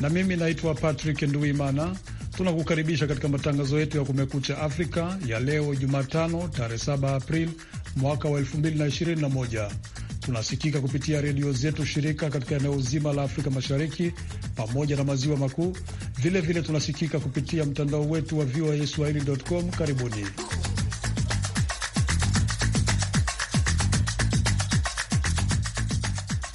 na mimi naitwa Patrick Nduimana. Tunakukaribisha katika matangazo yetu ya Kumekucha Afrika ya leo Jumatano, tarehe 7 Aprili mwaka wa 2021. Tunasikika kupitia redio zetu shirika katika eneo zima la Afrika Mashariki pamoja na maziwa makuu. Vilevile tunasikika kupitia mtandao wetu wa voa Swahili.com. Karibuni.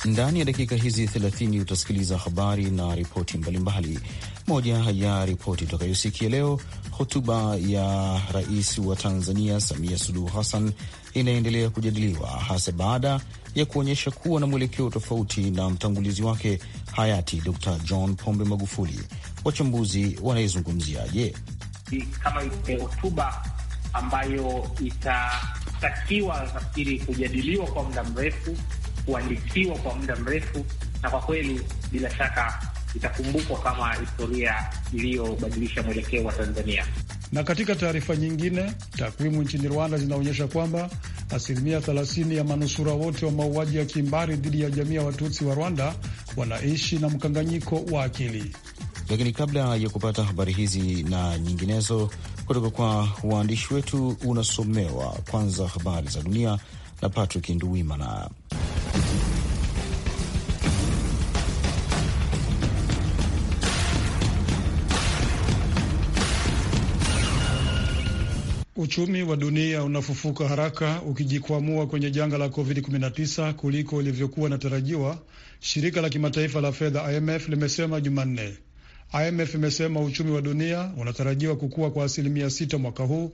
Ndani ya dakika hizi 30 utasikiliza habari na ripoti mbalimbali. Moja ya ripoti utakayosikia leo, hotuba ya rais wa Tanzania Samia Suluhu Hassan inaendelea kujadiliwa hasa baada ya kuonyesha kuwa na mwelekeo tofauti na mtangulizi wake hayati Dr. John Pombe Magufuli. Wachambuzi wanaizungumziaje? Kama hotuba ambayo itatakiwa nafikiri kujadiliwa kwa muda mrefu kuandikiwa kwa muda mrefu, na kwa kweli bila shaka itakumbukwa kama historia iliyobadilisha mwelekeo wa Tanzania. Na katika taarifa nyingine, takwimu nchini Rwanda zinaonyesha kwamba asilimia 30 ya manusura wote wa mauaji ya kimbari dhidi ya jamii ya Watutsi wa Rwanda wanaishi na mkanganyiko wa akili. Lakini kabla ya kupata habari hizi na nyinginezo kutoka kwa waandishi wetu, unasomewa kwanza habari za dunia na Patrick Nduwimana. Uchumi wa dunia unafufuka haraka ukijikwamua kwenye janga la COVID-19 kuliko ilivyokuwa inatarajiwa, shirika la kimataifa la fedha IMF limesema Jumanne. IMF imesema uchumi wa dunia unatarajiwa kukua kwa asilimia sita mwaka huu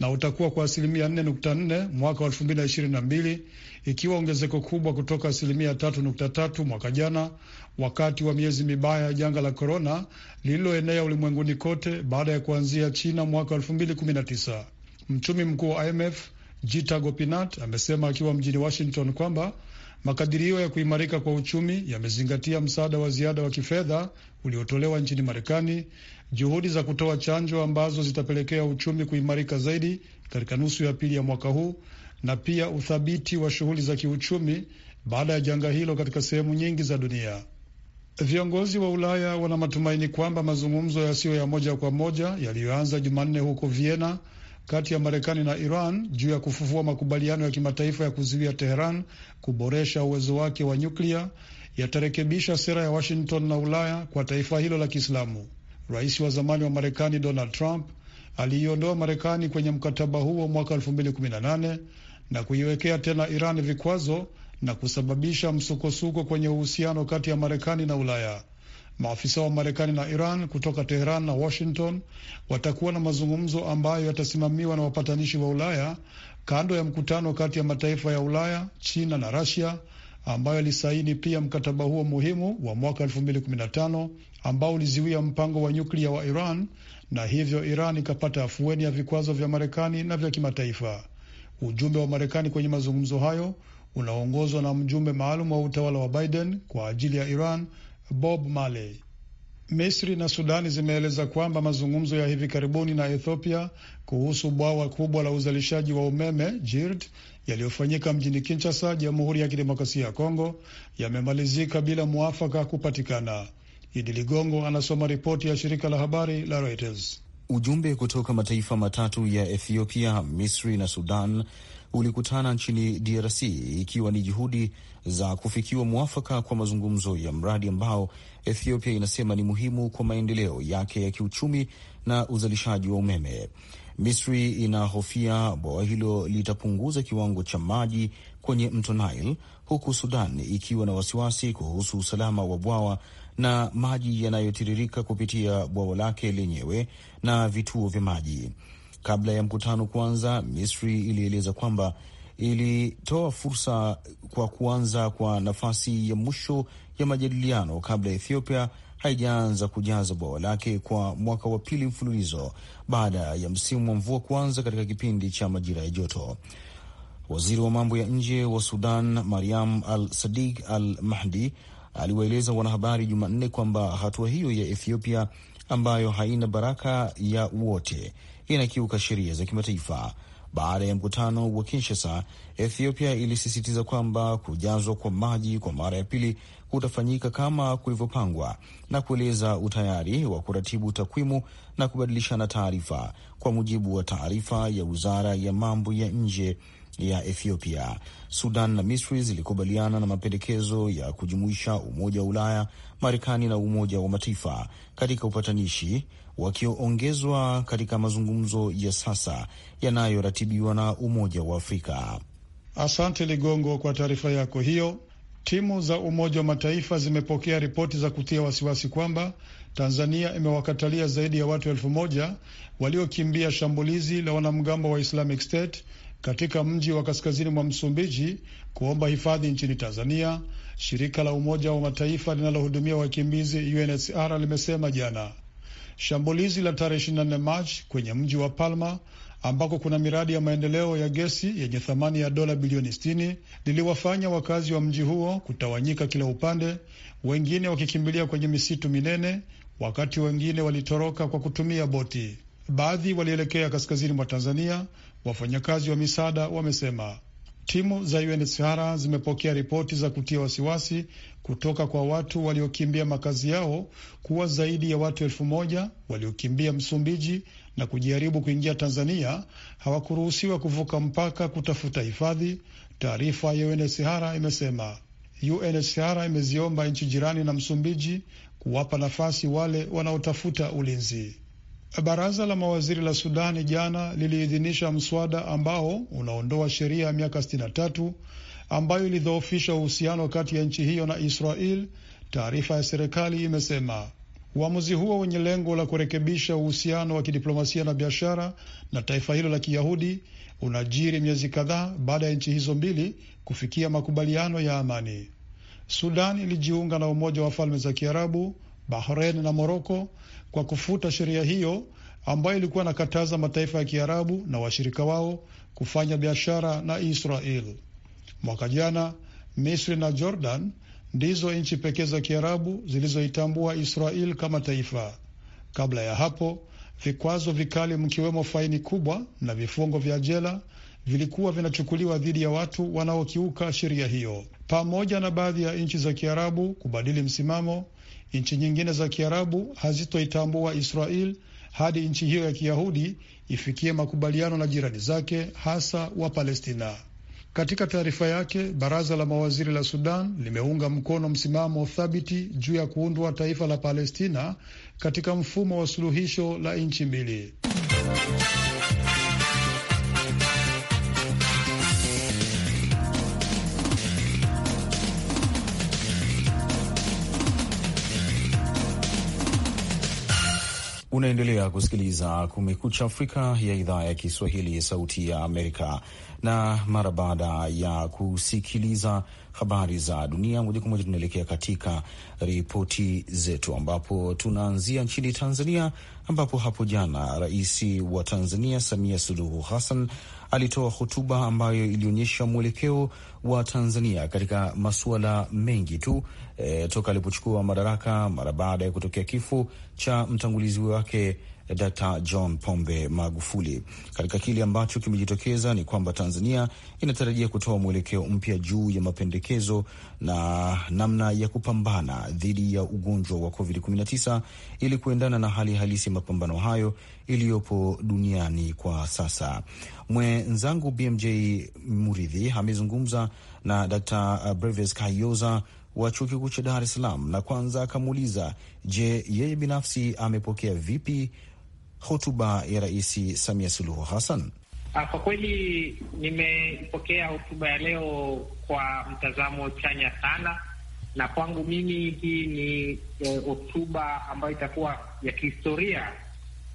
na utakuwa kwa asilimia 4.4 mwaka wa elfu ikiwa ongezeko kubwa kutoka asilimia 33 mwaka jana, wakati wa miezi mibaya ya janga la korona lililoenea ulimwenguni kote baada ya kuanzia China mwaka wa Mchumi mkuu wa IMF Jita Gopinath amesema akiwa mjini Washington kwamba makadirio ya kuimarika kwa uchumi yamezingatia msaada wa ziada wa kifedha uliotolewa nchini Marekani, juhudi za kutoa chanjo ambazo zitapelekea uchumi kuimarika zaidi katika nusu ya pili ya mwaka huu, na pia uthabiti wa shughuli za kiuchumi baada ya janga hilo katika sehemu nyingi za dunia. Viongozi wa Ulaya wana matumaini kwamba mazungumzo yasiyo ya moja kwa moja yaliyoanza Jumanne huko Vienna kati ya Marekani na Iran juu ya kufufua makubaliano ya kimataifa ya kuzuia Teheran kuboresha uwezo wake wa nyuklia yatarekebisha sera ya Washington na Ulaya kwa taifa hilo la Kiislamu. Rais wa zamani wa Marekani Donald Trump aliiondoa Marekani kwenye mkataba huo mwaka 2018 na kuiwekea tena Iran vikwazo na kusababisha msukosuko kwenye uhusiano kati ya Marekani na Ulaya. Maafisa wa Marekani na Iran kutoka Teheran na Washington watakuwa na mazungumzo ambayo yatasimamiwa na wapatanishi wa Ulaya kando ya mkutano kati ya mataifa ya Ulaya, China na Rasia ambayo alisaini pia mkataba huo muhimu wa mwaka 2015 ambao uliziwia mpango wa nyuklia wa Iran na hivyo Iran ikapata afueni ya vikwazo vya Marekani na vya kimataifa. Ujumbe wa Marekani kwenye mazungumzo hayo unaongozwa na mjumbe maalum wa utawala wa Biden kwa ajili ya Iran Bob Marley. Misri na Sudani zimeeleza kwamba mazungumzo ya hivi karibuni na Ethiopia kuhusu bwawa kubwa la uzalishaji wa umeme JIRD yaliyofanyika mjini Kinshasa, Jamhuri ya Kidemokrasia ya Kongo, yamemalizika bila mwafaka kupatikana. Idi Ligongo anasoma ripoti ya shirika la habari la Reuters. Ujumbe kutoka mataifa matatu ya Ethiopia, Misri na Sudan ulikutana nchini DRC ikiwa ni juhudi za kufikiwa mwafaka kwa mazungumzo ya mradi ambao Ethiopia inasema ni muhimu kwa maendeleo yake ya kiuchumi na uzalishaji wa umeme. Misri inahofia bwawa hilo litapunguza kiwango cha maji kwenye mto Nile, huku Sudan ikiwa na wasiwasi kuhusu usalama wa bwawa na maji yanayotiririka kupitia bwawa lake lenyewe na vituo vya maji. Kabla ya mkutano kuanza, Misri ilieleza kwamba ilitoa fursa kwa kuanza kwa nafasi ya mwisho ya majadiliano kabla ya Ethiopia haijaanza kujaza bwawa lake kwa mwaka wa pili mfululizo baada ya msimu wa mvua kuanza katika kipindi cha majira ya joto. Waziri wa mambo ya nje wa Sudan Mariam Al sadik Al Mahdi aliwaeleza wanahabari Jumanne kwamba hatua hiyo ya Ethiopia ambayo haina baraka ya wote inakiuka sheria za kimataifa. Baada ya mkutano wa Kinshasa, Ethiopia ilisisitiza kwamba kujazwa kwa maji kwa mara ya pili utafanyika kama kulivyopangwa na kueleza utayari wa kuratibu takwimu na kubadilishana taarifa, kwa mujibu wa taarifa ya wizara ya mambo ya nje ya Ethiopia. Sudan na Misri zilikubaliana na mapendekezo ya kujumuisha Umoja wa Ulaya, Marekani na Umoja wa Mataifa katika upatanishi, wakiongezwa katika mazungumzo ya sasa yanayoratibiwa na Umoja wa Afrika. Asante Ligongo kwa taarifa yako hiyo. Timu za Umoja wa Mataifa zimepokea ripoti za kutia wasiwasi kwamba Tanzania imewakatalia zaidi ya watu elfu moja waliokimbia shambulizi la wanamgambo wa Islamic State katika mji wa kaskazini mwa Msumbiji kuomba hifadhi nchini Tanzania. Shirika la Umoja wa Mataifa linalohudumia wakimbizi UNHCR limesema jana. Shambulizi la tarehe 24 Machi kwenye mji wa Palma ambako kuna miradi ya maendeleo ya gesi yenye thamani ya dola bilioni 60 liliwafanya wakazi wa mji huo kutawanyika kila upande, wengine wakikimbilia kwenye misitu minene, wakati wengine walitoroka kwa kutumia boti. Baadhi walielekea kaskazini mwa Tanzania, wafanyakazi wa misaada wamesema. Timu za UNHCR zimepokea ripoti za kutia wasiwasi kutoka kwa watu waliokimbia makazi yao kuwa zaidi ya watu elfu moja waliokimbia Msumbiji na kujaribu kuingia Tanzania hawakuruhusiwa kuvuka mpaka kutafuta hifadhi, taarifa ya UNHCR imesema. UNHCR imeziomba nchi jirani na Msumbiji kuwapa nafasi wale wanaotafuta ulinzi. Baraza la mawaziri la Sudani jana liliidhinisha mswada ambao unaondoa sheria ya miaka 63 ambayo ilidhoofisha uhusiano kati ya nchi hiyo na Israel, taarifa ya serikali imesema. Uamuzi huo wenye lengo la kurekebisha uhusiano wa kidiplomasia na biashara na taifa hilo la Kiyahudi unajiri miezi kadhaa baada ya nchi hizo mbili kufikia makubaliano ya amani. Sudan ilijiunga na Umoja wa Falme za Kiarabu, Bahrein na Moroko kwa kufuta sheria hiyo ambayo ilikuwa inakataza mataifa ya Kiarabu na washirika wao kufanya biashara na Israel. Mwaka jana Misri na Jordan ndizo nchi pekee za Kiarabu zilizoitambua Israel kama taifa. Kabla ya hapo, vikwazo vikali mkiwemo faini kubwa na vifungo vya jela vilikuwa vinachukuliwa dhidi ya watu wanaokiuka sheria hiyo. Pamoja na baadhi ya nchi za Kiarabu kubadili msimamo, nchi nyingine za Kiarabu hazitoitambua Israel hadi nchi hiyo ya Kiyahudi ifikie makubaliano na jirani zake, hasa wa Palestina. Katika taarifa yake, baraza la mawaziri la Sudan limeunga mkono msimamo thabiti juu ya kuundwa taifa la Palestina katika mfumo wa suluhisho la nchi mbili. Unaendelea kusikiliza Kumekucha Afrika ya idhaa ya Kiswahili ya Sauti ya Amerika, na mara baada ya kusikiliza habari za dunia moja kwa moja, tunaelekea katika ripoti zetu, ambapo tunaanzia nchini Tanzania, ambapo hapo jana Rais wa Tanzania Samia Suluhu Hassan alitoa hotuba ambayo ilionyesha mwelekeo wa Tanzania katika masuala mengi tu e, toka alipochukua madaraka mara baada ya kutokea kifo cha mtangulizi wake Dkt John Pombe Magufuli. Katika kile ambacho kimejitokeza ni kwamba Tanzania inatarajia kutoa mwelekeo mpya juu ya mapendekezo na namna ya kupambana dhidi ya ugonjwa wa COVID-19 ili kuendana na hali halisi ya mapambano hayo iliyopo duniani kwa sasa. Mwenzangu BMJ Muridhi amezungumza na Dkt Breves Kayoza wa chuo kikuu cha Dar es Salaam na kwanza akamuuliza, je, yeye binafsi amepokea vipi hotuba ya Rais Samia Suluhu Hassan? Ah, kwa kweli nimeipokea hotuba ya leo kwa mtazamo chanya sana, na kwangu mimi hii ni eh, hotuba e, ambayo itakuwa ya kihistoria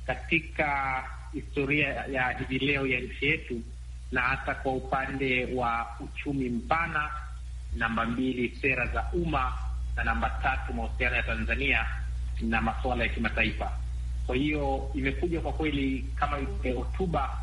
katika historia ya hivi leo ya nchi yetu, na hata kwa upande wa uchumi mpana, namba mbili sera za umma, na namba tatu mahusiano ya Tanzania na masuala ya kimataifa. Kwa hiyo imekuja kwa kweli kama hotuba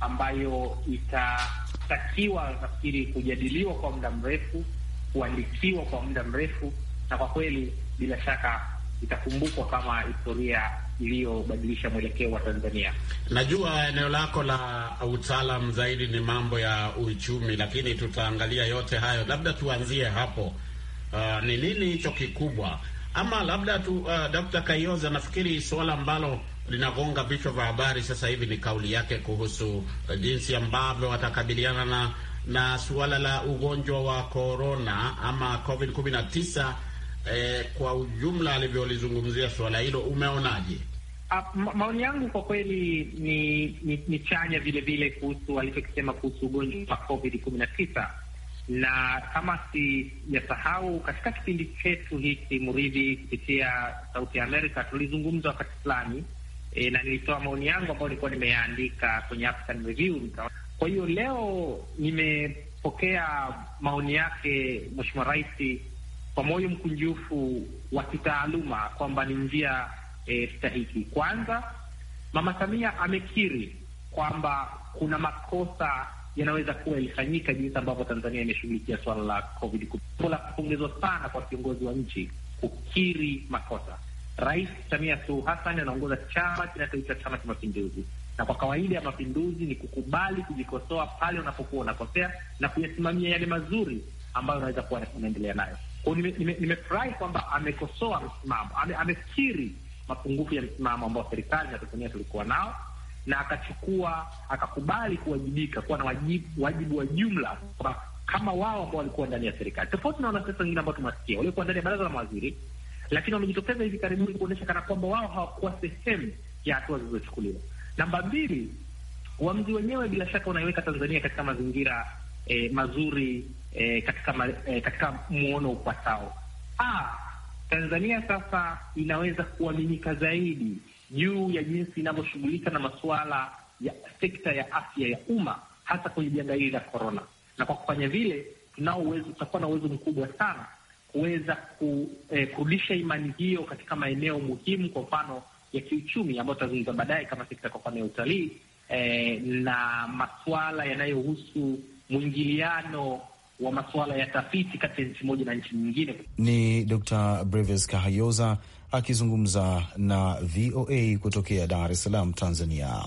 ambayo itatakiwa nafikiri kujadiliwa kwa muda mrefu, kuandikiwa kwa muda mrefu, na kwa kweli bila shaka itakumbukwa kama historia iliyobadilisha mwelekeo wa Tanzania. Najua eneo lako la utaalam zaidi ni mambo ya uchumi, lakini tutaangalia yote hayo. Labda tuanzie hapo. Uh, ni nini hicho kikubwa ama labda tu uh, Dr. Kayoza, nafikiri suala ambalo linagonga vichwa vya habari sasa hivi ni kauli yake kuhusu uh, jinsi ambavyo watakabiliana na na suala la ugonjwa wa corona ama covid 19 eh, uh, kwa ujumla alivyolizungumzia suala hilo, umeonaje? Ah, maoni yangu kwa kweli ni, ni, ni chanya vile vile kuhusu alichokisema kuhusu ugonjwa wa covid 19 na kama sijasahau, katika kipindi chetu hiki Muridhi kupitia Sauti ya Amerika tulizungumza wakati fulani e, na nilitoa maoni yangu ambayo nilikuwa nimeyaandika kwenye African Review. Kwa hiyo leo nimepokea maoni yake Mheshimiwa Rais kwa moyo mkunjufu wa kitaaluma kwamba ni njia e, stahiki. Kwanza Mama Samia amekiri kwamba kuna makosa yanaweza kuwa ilifanyika jinsi ambavyo Tanzania imeshughulikia swala la COVID. La kupongezwa sana kwa kiongozi wa nchi kukiri makosa. Rais Samia Suluhu Hassan anaongoza chama kinachoitwa Chama cha Mapinduzi, na kwa kawaida ya mapinduzi ni kukubali kujikosoa pale unapokuwa unakosea na kuyasimamia yale mazuri ambayo unaweza kuwa unaendelea nayo. Kwa hiyo nimefurahi nime kwamba amekosoa msimamo, amekiri mapungufu ya msimamo ambao serikali na Tanzania tulikuwa nao na akachukua akakubali kuwajibika kuwa na wajibu, wajibu wa jumla kama wao ambao walikuwa ndani ya serikali, tofauti na wanasiasa wengine ambao tumewasikia waliokuwa ndani ya baraza la mawaziri, lakini wamejitokeza hivi karibuni kuonyesha kana kwamba wao hawakuwa sehemu ya hatua zilizochukuliwa. Namba mbili, uamuzi wenyewe bila shaka unaiweka Tanzania katika mazingira eh, mazuri eh, katika ma, eh, katika muono upatao. Ah, Tanzania sasa inaweza kuaminika zaidi juu ya jinsi inavyoshughulika na masuala ya sekta ya afya ya umma, hasa kwenye janga hili la korona. Na kwa kufanya vile, tunao uwezo, tutakuwa na uwezo mkubwa sana kuweza ku, eh, kurudisha imani hiyo katika maeneo muhimu, kwa mfano ya kiuchumi ambayo tutazungumza baadaye, kama sekta kwa mfano ya utalii eh, na masuala yanayohusu mwingiliano wa masuala ya tafiti kati ya nchi moja na nchi nyingine. Ni Dr. Breves Kahayoza akizungumza na VOA kutokea Dar es Salaam, Tanzania.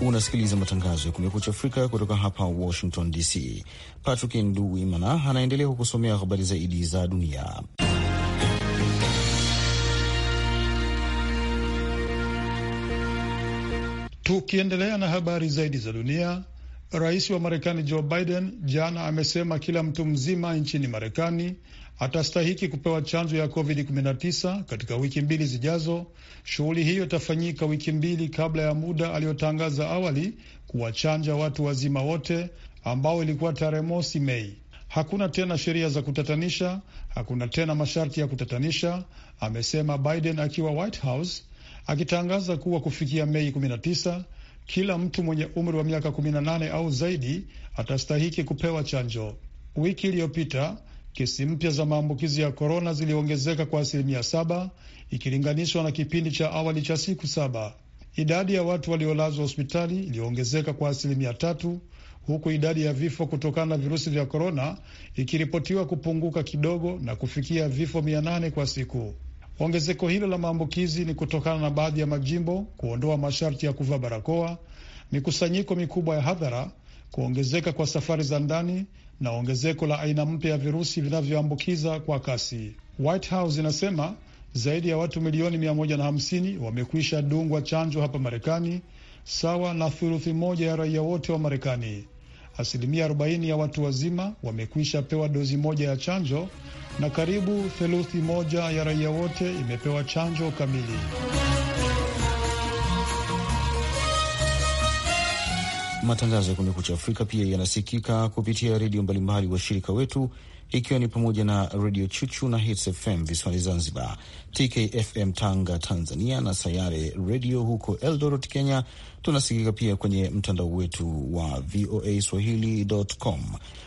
Unasikiliza matangazo ya Kumekucha Afrika kutoka hapa Washington DC. Patrick Nduwimana anaendelea kukusomea habari zaidi za dunia. Tukiendelea na habari zaidi za dunia, Rais wa Marekani Joe Biden jana amesema kila mtu mzima nchini Marekani atastahiki kupewa chanjo ya COVID-19 katika wiki mbili zijazo. Shughuli hiyo itafanyika wiki mbili kabla ya muda aliyotangaza awali kuwachanja watu wazima wote, ambao ilikuwa tarehe mosi Mei. Hakuna tena sheria za kutatanisha, hakuna tena masharti ya kutatanisha, amesema Biden akiwa White House, akitangaza kuwa kufikia Mei 19 kila mtu mwenye umri wa miaka 18 au zaidi atastahiki kupewa chanjo. Wiki iliyopita kesi mpya za maambukizi ya korona ziliongezeka kwa asilimia saba ikilinganishwa na kipindi cha awali cha siku saba. Idadi ya watu waliolazwa hospitali iliongezeka kwa asilimia tatu huku idadi ya vifo kutokana na virusi vya korona ikiripotiwa kupunguka kidogo na kufikia vifo mia nane kwa siku. Ongezeko hilo la maambukizi ni kutokana na baadhi ya majimbo kuondoa masharti ya kuvaa barakoa, mikusanyiko mikubwa ya hadhara, kuongezeka kwa safari za ndani na ongezeko la aina mpya ya virusi vinavyoambukiza kwa kasi. White House inasema zaidi ya watu milioni 150 wamekwisha dungwa chanjo hapa Marekani, sawa na thuluthi moja ya raia wote wa Marekani asilimia 40 ya watu wazima wamekwisha pewa dozi moja ya chanjo na karibu theluthi moja ya raia wote imepewa chanjo kamili. Matangazo ya Kumekucha Afrika pia yanasikika kupitia redio mbalimbali washirika wetu ikiwa ni pamoja na redio Chuchu na Hits FM visiwani Zanzibar, TKFM Tanga Tanzania, na Sayare redio huko Eldoret Kenya, Tunasikika pia kwenye mtandao wetu wa VOA Swahili.com.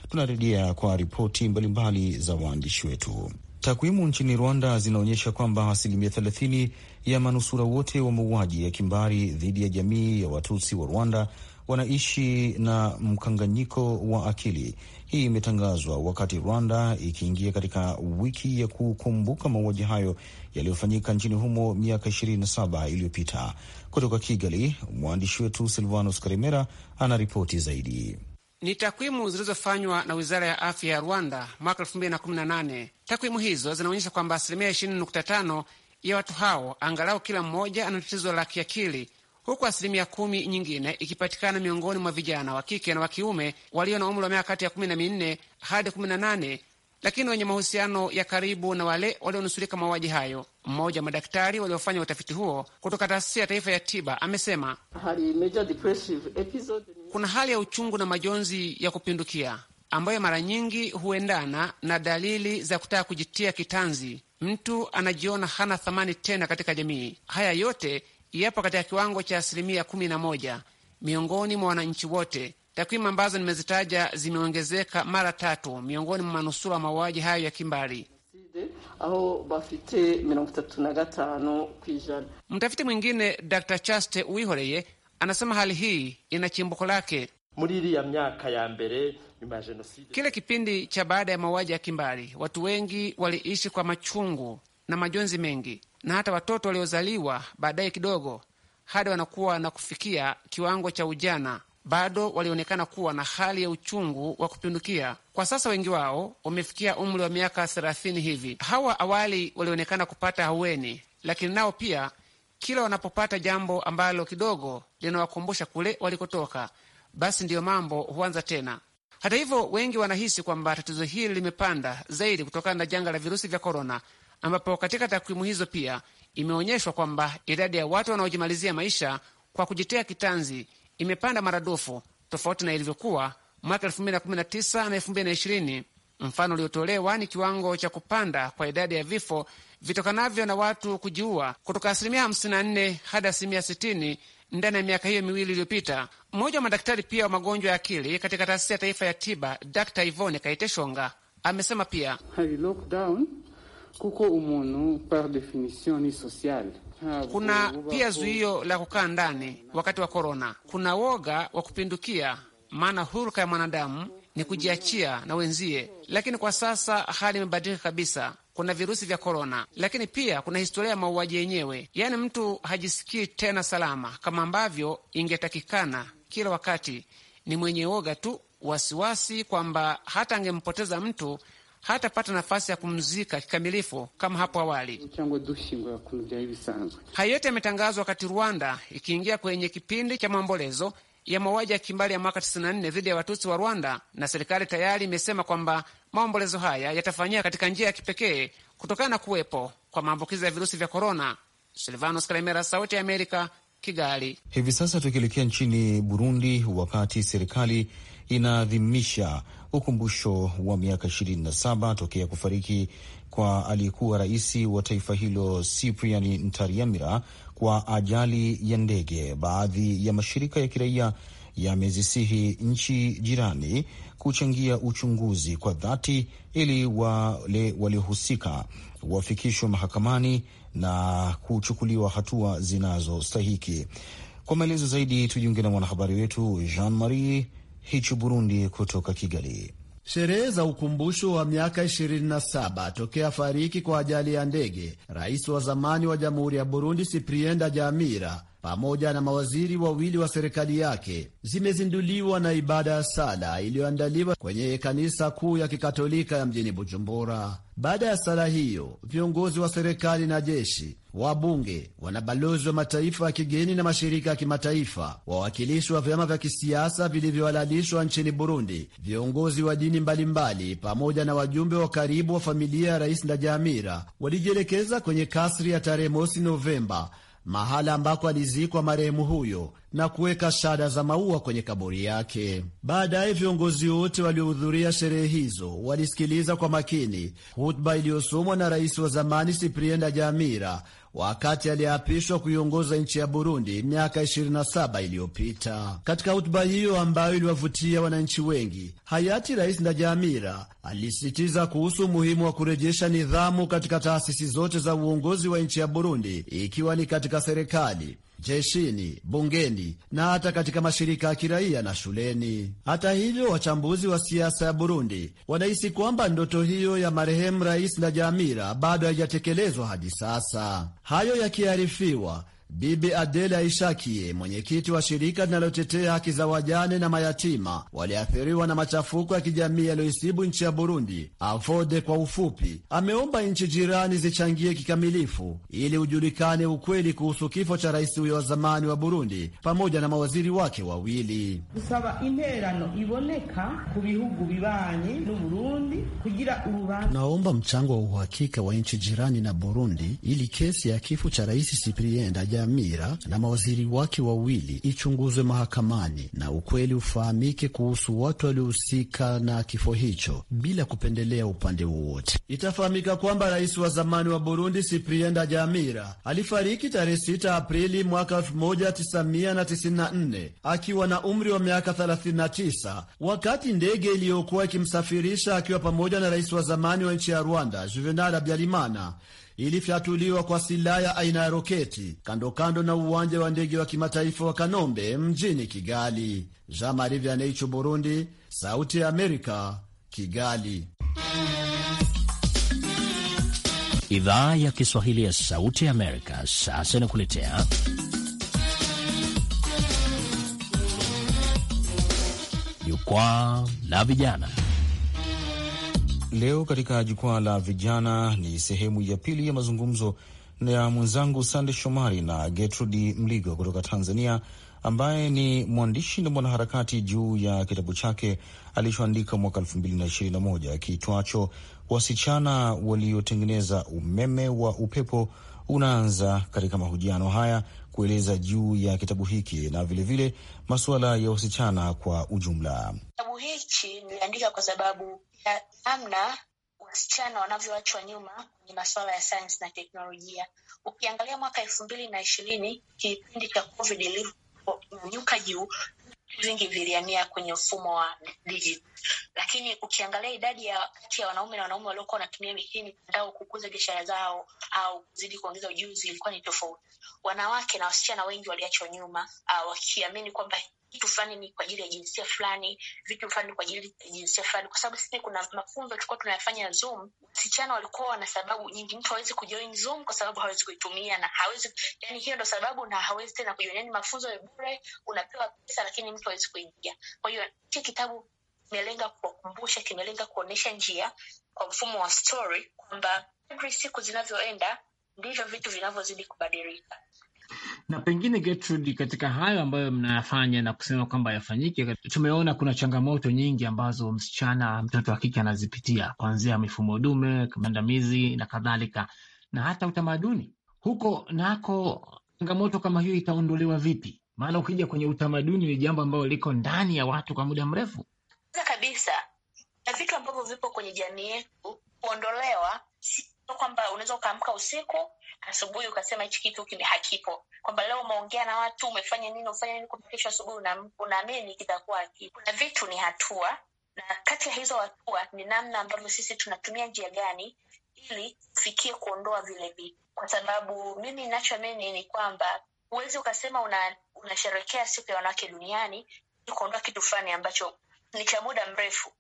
Tunarejea kwa ripoti mbalimbali za waandishi wetu. Takwimu nchini Rwanda zinaonyesha kwamba asilimia thelathini ya manusura wote wa mauaji ya kimbari dhidi ya jamii ya Watutsi wa Rwanda wanaishi na mkanganyiko wa akili hii imetangazwa wakati Rwanda ikiingia katika wiki ya kukumbuka mauaji hayo yaliyofanyika nchini humo miaka 27 iliyopita. Kutoka Kigali, mwandishi wetu Silvanus Karimera anaripoti zaidi. Ni takwimu zilizofanywa na wizara ya afya ya Rwanda mwaka 2018. Takwimu hizo zinaonyesha kwamba asilimia 20.5 ya watu hao angalau kila mmoja ana tatizo la kiakili huku asilimia kumi nyingine ikipatikana miongoni mwa vijana wa kike na wa kiume walio na umri wa miaka kati ya kumi na minne hadi nane lakini wenye mahusiano ya karibu na wale walionusurika mauaji hayo. Mmoja wa madaktari waliofanya utafiti huo kutoka taasisi ya taifa ya tiba amesema kuna hali ya uchungu na majonzi ya kupindukia ambayo mara nyingi huendana na dalili za kutaka kujitia kitanzi. Mtu anajiona hana thamani tena katika jamii. Haya yote iyapo katika kiwango cha asilimia 11 miongoni mwa wananchi wote. Takwimu ambazo nimezitaja zimeongezeka mara tatu miongoni mwa manusura wa mauaji hayo ya kimbari. Mtafiti mwingine Dr Chaste wihoreye anasema hali hii ina chimbuko lake kile kipindi cha baada ya mauaji ya kimbari. Watu wengi waliishi kwa machungu na majonzi mengi, na hata watoto waliozaliwa baadaye kidogo hadi wanakuwa na kufikia kiwango cha ujana bado walionekana kuwa na hali ya uchungu wa kupindukia. Kwa sasa wengi wao wamefikia umri wa miaka thelathini hivi. Hawa awali walionekana kupata haweni, lakini nao pia kila wanapopata jambo ambalo kidogo linawakumbusha kule walikotoka, basi ndiyo mambo huanza tena. Hata hivyo, wengi wanahisi kwamba tatizo hili limepanda zaidi kutokana na janga la virusi vya korona ambapo katika takwimu hizo pia imeonyeshwa kwamba idadi ya watu wanaojimalizia maisha kwa kujitea kitanzi imepanda maradufu tofauti na ilivyokuwa mwaka 2019 na 2020. Mfano uliotolewa ni kiwango cha kupanda kwa idadi ya vifo vitokanavyo na watu kujiua kutoka asilimia 54 hadi asilimia 60 ndani ya miaka hiyo miwili iliyopita. Mmoja wa madaktari pia wa magonjwa ya akili katika taasisi ya taifa ya tiba, Dr Ivone Kaiteshonga amesema pia kuko umuntu par definition ni social. Kuna pia zuio la kukaa ndani wakati wa korona, kuna woga wa kupindukia, maana huruka ya mwanadamu ni kujiachia na wenzie, lakini kwa sasa hali imebadilika kabisa. Kuna virusi vya korona, lakini pia kuna historia ya mauaji yenyewe, yaani mtu hajisikii tena salama kama ambavyo ingetakikana. Kila wakati ni mwenye woga tu, wasiwasi kwamba hata angempoteza mtu hatapata nafasi ya kumzika kikamilifu kama hapo awali. Hayo yote yametangazwa wakati Rwanda ikiingia kwenye kipindi cha maombolezo ya mauaji ya kimbali ya mwaka 94 dhidi ya Watutsi wa Rwanda, na serikali tayari imesema kwamba maombolezo haya yatafanyika katika njia ya kipekee kutokana na kuwepo kwa maambukizi ya virusi vya korona. Silvanos Kalemera, Sauti ya Amerika, Kigali. Hivi sasa tukielekea nchini Burundi, wakati serikali inaadhimisha ukumbusho wa miaka 27 tokea kufariki kwa aliyekuwa rais wa taifa hilo Cyprian Ntaryamira kwa ajali ya ndege. Baadhi ya mashirika ya kiraia yamezisihi nchi jirani kuchangia uchunguzi kwa dhati ili wale waliohusika wafikishwe mahakamani na kuchukuliwa hatua zinazostahiki. Kwa maelezo zaidi tujiunge na mwanahabari wetu Jean Marie hicho Burundi. Kutoka Kigali, sherehe za ukumbusho wa miaka 27 tokea fariki kwa ajali ya ndege rais wa zamani wa jamhuri ya Burundi siprienda Jamira pamoja na mawaziri wawili wa serikali yake zimezinduliwa na ibada ya sala iliyoandaliwa kwenye kanisa kuu ya kikatolika ya mjini Bujumbura. Baada ya sala hiyo, viongozi wa serikali na jeshi, wabunge, wanabalozi wa mataifa ya kigeni na mashirika ya kimataifa, wawakilishi wa vyama vya kisiasa vilivyohalalishwa nchini Burundi, viongozi wa dini mbalimbali, pamoja na wajumbe wa karibu wa familia ya Rais Ndajamira walijielekeza kwenye kasri ya tarehe mosi Novemba mahala ambako alizikwa marehemu huyo na kuweka shada za maua kwenye kaburi yake. Baadaye viongozi wote waliohudhuria sherehe hizo walisikiliza kwa makini hutba iliyosomwa na rais wa zamani Siprienda Jamira wakati aliyeapishwa kuiongoza nchi ya Burundi miaka 27 iliyopita. Katika hotuba hiyo ambayo iliwavutia wananchi wengi, hayati Rais Ndajamira alisisitiza kuhusu umuhimu wa kurejesha nidhamu katika taasisi zote za uongozi wa nchi ya Burundi, ikiwa ni katika serikali jeshini, bungeni na hata katika mashirika ya kiraia na shuleni. Hata hivyo, wachambuzi wa siasa ya Burundi wanahisi kwamba ndoto hiyo ya marehemu Rais Ndajamira bado haijatekelezwa hadi sasa. Hayo yakiarifiwa Bibi Adele aishakie mwenyekiti wa shirika linalotetea haki za wajane na mayatima waliathiriwa na machafuko ya kijamii yaliyoisibu nchi ya Burundi, AVODE kwa ufupi, ameomba nchi jirani zichangie kikamilifu ili ujulikane ukweli kuhusu kifo cha rais huyo wa zamani wa Burundi pamoja na mawaziri wake wawili. Gusaba interano iboneka ku bihugu kugira urubanza. mchango wa uhakika wa nchi jirani na Burundi ili kesi ya kifo cha rais Cyprien Ndamira na mawaziri wake wawili ichunguzwe mahakamani na ukweli ufahamike kuhusu watu waliohusika na kifo hicho bila kupendelea upande wowote. Itafahamika kwamba rais wa zamani wa Burundi Cyprien jamira alifariki tarehe 6 Aprili mwaka 1994 akiwa na umri wa miaka 39 wakati ndege iliyokuwa ikimsafirisha akiwa pamoja na rais wa zamani wa nchi ya Rwanda Juvenal Habyarimana ilifyatuliwa kwa silaha ya aina ya roketi kando kando na uwanja wa ndege wa kimataifa wa Kanombe mjini Kigali. Jean Marie Vianney, Burundi, Sauti ya Amerika, Kigali. Idhaa ya Kiswahili ya Sauti ya Amerika sasa inakuletea jukwaa la vijana Leo katika jukwaa la vijana ni sehemu ya pili ya mazungumzo ya mwenzangu Sande Shomari na Getrudi Mligo kutoka Tanzania, ambaye ni mwandishi na mwanaharakati juu ya kitabu chake alichoandika mwaka elfu mbili na ishirini na moja kiitwacho Wasichana Waliotengeneza Umeme wa Upepo. Unaanza katika mahojiano haya kueleza juu ya kitabu hiki na vilevile masuala ya wasichana kwa ujumla. Kitabu hichi niliandika kwa sababu ya namna wasichana wanavyoachwa nyuma kwenye masuala ya sayansi na teknolojia. Ukiangalia mwaka elfu mbili na ishirini kipindi cha COVID ilivyoinuka juu, vingi vilihamia kwenye mfumo wa dijiti, lakini ukiangalia idadi ya kati ya wanaume na wanaume waliokuwa wanatumia hii mitandao kukuza biashara zao au kuzidi kuongeza ujuzi ilikuwa ni tofauti. Wanawake na wasichana wengi waliachwa nyuma, uh, wakiamini kwamba vitu fulani ni kwa ajili ya jinsia fulani, vitu fulani kwa ajili ya jinsia fulani, kwa sababu sisi kuna mafunzo tulikuwa tunayafanya Zoom, wasichana walikuwa wana sababu nyingi, mtu hawezi kujoin Zoom kwa sababu hawezi kuitumia na hawezi yani, hiyo ndo sababu, na hawezi tena kujoin. Yani mafunzo ya bure, unapewa pesa, lakini mtu hawezi kuingia. Kwa hiyo hiki kitabu kimelenga kuwakumbusha, kimelenga kuonyesha njia kwa mfumo wa story kwamba kadri siku zinavyoenda ndivyo vitu vinavyozidi kubadilika. Na pengine Gertrude, katika hayo ambayo mnayafanya na kusema kwamba yafanyike, tumeona kuna changamoto nyingi ambazo msichana, mtoto wa kike anazipitia, kuanzia mifumo dume, kandamizi na kadhalika, na hata utamaduni. Huko nako changamoto kama hiyo itaondolewa vipi? Maana ukija kwenye utamaduni ni jambo ambalo liko ndani ya watu kwa muda mrefu kabisa, na vitu ambavyo vipo kwenye jamii yetu kuondolewa sio kwamba unaweza ukaamka usiku asubuhi ukasema hichi kitu kime hakipo, kwamba leo umeongea na watu umefanya nini umefanya nini, kwamba kesho asubuhi unaamini kitakuwa hakipo. Kuna vitu ni hatua, na kati ya hizo hatua ni namna ambavyo sisi tunatumia njia gani ili ufikie kuondoa vile vitu, kwa sababu mimi ninachoamini ni kwamba huwezi ukasema una, unasherekea siku ya wanawake duniani kuondoa kitu fulani ambacho ni cha muda mrefu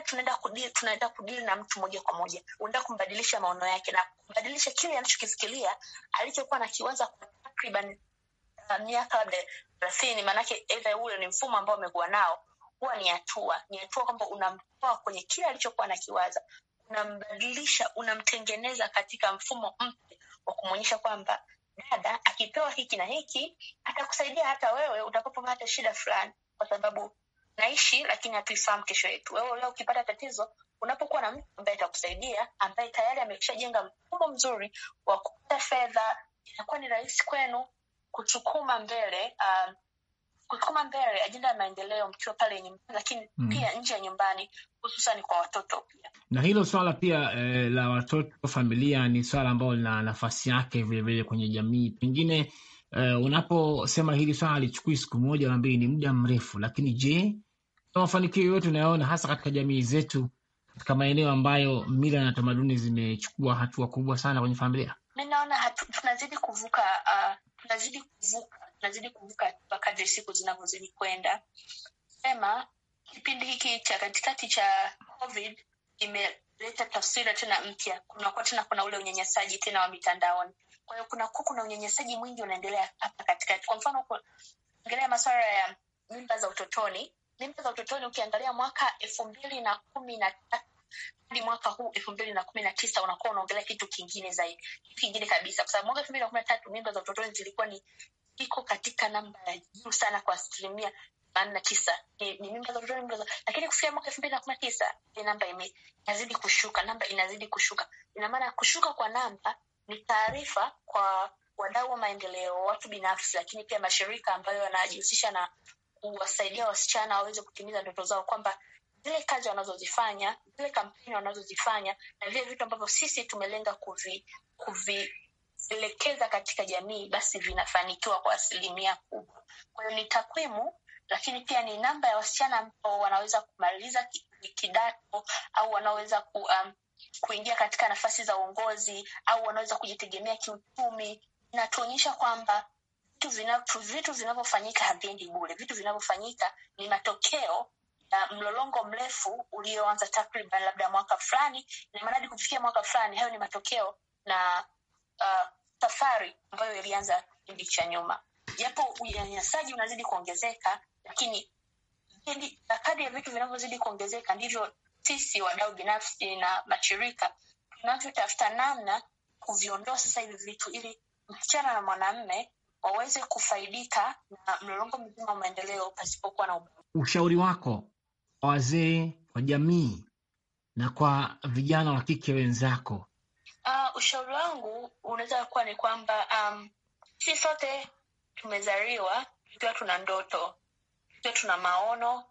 tunaenda kudili, tunaenda kudili na mtu moja kwa moja, unaenda kumbadilisha maono yake na kubadilisha kile anachokifikiria alichokuwa kiwaza kwa takriban uh, miaka labda thelathini. Maanake edha ule ni mfumo ambao amekuwa nao, huwa ni hatua, ni hatua kwamba unamtoa kwenye kile alichokuwa kiwaza, unambadilisha, unamtengeneza katika mfumo mpya wa kumwonyesha kwamba dada, akipewa hiki na hiki atakusaidia hata wewe utakapopata shida fulani, kwa sababu naishi lakini hatuifahamu kesho yetu. Wewe leo ukipata tatizo, unapokuwa na mtu ambaye atakusaidia, ambaye tayari ameshajenga mfumo mzuri wa kupata fedha, itakuwa ni rahisi kwenu kusukuma mbele um, kusukuma mbele ajenda ya maendeleo mkiwa pale nyumbani, lakini mm, pia nje ya nyumbani, hususan kwa watoto pia. Na hilo swala pia eh, la watoto, familia ni swala ambalo lina nafasi yake vilevile kwenye jamii pengine Uh, unaposema hili swala halichukui siku moja na mbili, ni muda mrefu, lakini je, mafanikio yote unayoona hasa katika jamii zetu katika maeneo ambayo mila na tamaduni zimechukua hatua kubwa sana kwenye familia? Mi naona tunazidi kuvuka, uh, tunazidi kuvuka, tunazidi kuvuka kadri siku zinavyozidi kwenda. Sema kipindi hiki cha katikati cha COVID imeleta taswira tena mpya, kunakuwa tena kuna ule unyanyasaji tena wa mitandaoni. Kwa hiyo kunakuwa kuna unyanyasaji mwingi unaendelea hapa katikati. Kwa mfano ongelea masuala ya mimba za utotoni mimba za utotoni ukiangalia mwaka elfu mbili na kumi na tatu hadi mwaka huu elfu mbili na kumi na tisa unakuwa unaongelea kitu kingine zaidi, kitu kingine kabisa, kwa sababu mwaka elfu mbili na kumi na tatu mimba za utotoni zilikuwa ni iko katika namba ya juu sana kwa asilimia themanini na tisa ni, ni mimba za utotoni mimba za... lakini kufikia mwaka elfu mbili na kumi na tisa ile namba inazidi kushuka, namba inazidi kushuka. Ina maana kushuka kwa namba ni taarifa kwa wadau wa maendeleo, watu binafsi, lakini pia mashirika ambayo yanajihusisha na kuwasaidia wasichana waweze kutimiza ndoto zao, kwamba zile kazi wanazozifanya, zile kampeni wanazozifanya na vile vitu ambavyo sisi tumelenga kuvi, kuvielekeza katika jamii, basi vinafanikiwa kwa asilimia kubwa. Kwa hiyo ni takwimu lakini pia ni namba ya wasichana ambao wanaweza kumaliza kidato au wanaweza ku, um, kuingia katika nafasi za uongozi au wanaweza kujitegemea kiuchumi. Inatuonyesha kwamba vitu vina, vitu vinavyofanyika haviendi bure. Vitu vinavyofanyika ni matokeo ya mlolongo mrefu ulioanza takriban labda mwaka fulani, na maradi kufikia mwaka fulani, hayo ni matokeo na uh, safari ambayo ilianza kipindi cha nyuma. Japo unyanyasaji unazidi kuongezeka, lakini kadri ya vitu vinavyozidi kuongezeka ndivyo sisi wadau binafsi na mashirika tunavyotafuta namna kuviondoa sasa hivi vitu, ili msichana na mwanamme waweze kufaidika na mlolongo mzima wa maendeleo pasipokuwa na ubaguzi. Ushauri wako kwa wazee kwa jamii na kwa vijana wa kike wenzako? Uh, ushauri wangu unaweza kuwa ni kwamba um, si sote tumezaliwa tukiwa tuna ndoto, tukiwa tuna maono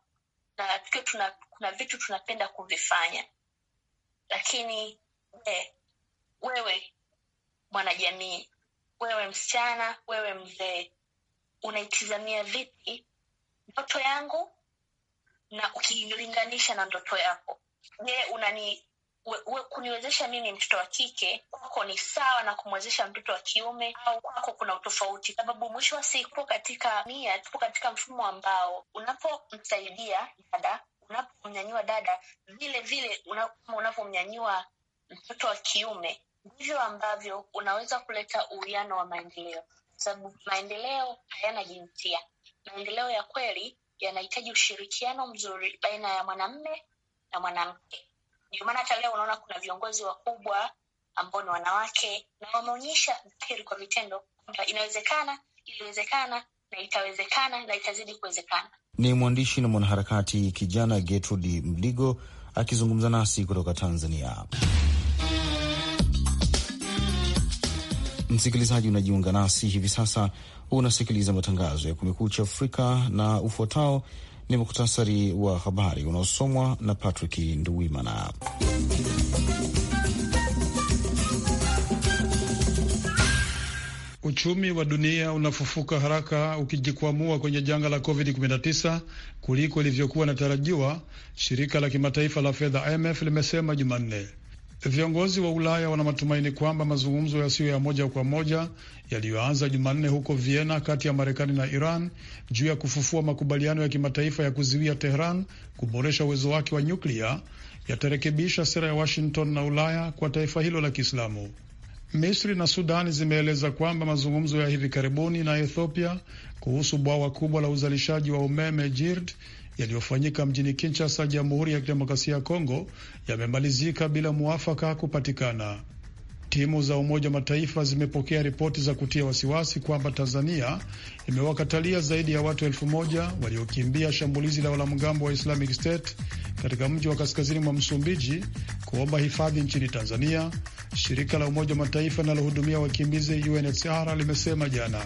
na tukiwa tuna kuna vitu tunapenda kuvifanya, lakini eh, wewe mwanajamii wewe msichana, wewe mzee, unaitizamia vipi ndoto yangu na ukilinganisha na ndoto yako? Je, unani we, we, kuniwezesha mimi mtoto wa kike kwako ni sawa na kumwezesha mtoto wa kiume au kwako kuna utofauti? Sababu mwisho wa siku katika mia tupo katika mfumo ambao unapomsaidia dada, unapomnyanyua dada vile vile unavyomnyanyua mtoto wa kiume ndivyo ambavyo unaweza kuleta uwiano wa maendeleo, kwa sababu maendeleo hayana jinsia. Maendeleo ya kweli yanahitaji ushirikiano mzuri baina ya mwanamme na mwanamke. Ndio maana hata leo unaona kuna viongozi wakubwa ambao ni wanawake na wameonyesha dhahiri kwa vitendo kwamba inawezekana, iliwezekana na itawezekana na itazidi kuwezekana. Ni mwandishi na mwanaharakati kijana getrudi Mdigo akizungumza nasi kutoka Tanzania. Msikilizaji unajiunga nasi hivi sasa, unasikiliza matangazo ya Kumekucha Afrika na ufuatao ni muktasari wa habari unaosomwa na Patrick Nduwimana. Uchumi wa dunia unafufuka haraka ukijikwamua kwenye janga la COVID-19 kuliko ilivyokuwa inatarajiwa, shirika la kimataifa la fedha IMF limesema Jumanne. Viongozi wa Ulaya wana matumaini kwamba mazungumzo yasiyo ya moja kwa moja yaliyoanza Jumanne huko Vienna kati ya Marekani na Iran juu ya kufufua makubaliano ya kimataifa ya kuzuia Tehran kuboresha uwezo wake wa nyuklia yatarekebisha sera ya Washington na Ulaya kwa taifa hilo la Kiislamu. Misri na Sudani zimeeleza kwamba mazungumzo ya hivi karibuni na Ethiopia kuhusu bwawa kubwa la uzalishaji wa umeme Jird yaliyofanyika mjini Kinshasa, Jamhuri ya Kidemokrasia ya Kongo, yamemalizika bila muafaka kupatikana. Timu za Umoja Mataifa zimepokea ripoti za kutia wasiwasi kwamba Tanzania imewakatalia zaidi ya watu elfu moja waliokimbia shambulizi la wanamgambo wa Islamic State katika mji wa kaskazini mwa Msumbiji kuomba hifadhi nchini Tanzania, shirika la Umoja Mataifa linalohudumia wakimbizi UNHCR limesema jana.